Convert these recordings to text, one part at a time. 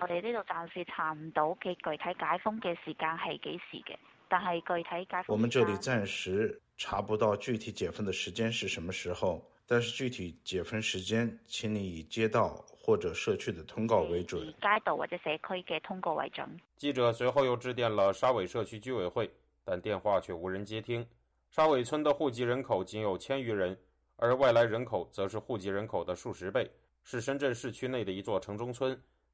我哋呢度暫時查唔到嘅具體解封嘅時間係幾時嘅，但係具體解封。我們這裡暫時查唔到，到具體解封嘅時間是什麼時候，但是具體解封時間請你以街道或者社區嘅通告為準。街道或者社區嘅通告為準。記者隨後又致電了沙尾社區居委會，但電話卻無人接聽。沙尾村的戶籍人口僅有千餘人，而外來人口則是戶籍人口的數十倍，是深圳市區內的一座城中村。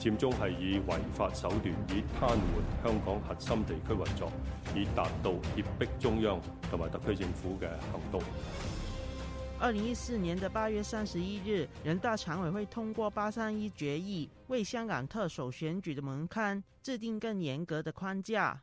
佔中係以違法手段，以癱瘓香港核心地區運作，以達到脅迫中央同埋特區政府嘅行動。二零一四年的八月三十一日，人大常委會通過《八三一決議》，為香港特首選舉的門檻制定更嚴格的框架。